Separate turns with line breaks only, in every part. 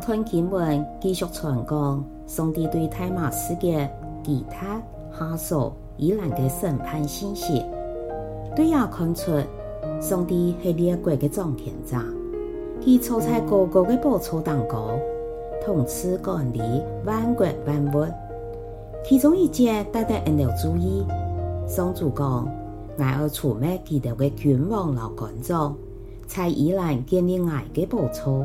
傳記們繼續傳講上帝對泰馬世界其他哈索、伊朗嘅審判信息，對也看出過上帝係列國個總天長，佢操在各國的報酬當中，同時管理萬國萬物。其中一件特別引人注意，上主講，挨住出賣基德嘅君王老觀眾才依然建立挨的報酬。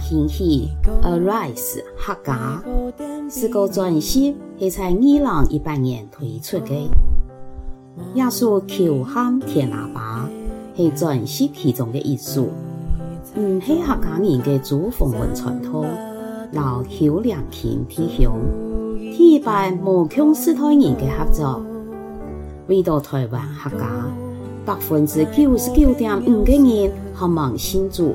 興起，arise，客家是個專戲，是在二零一八年推出的。也是敲喊天喇叭是專戲其中的藝術。嗯，是客家人嘅祖風文傳統，留巧梁片皮響，替代無窮絲台人嘅合作。回到台灣客家，百分之九十九點五嘅人渴望新住。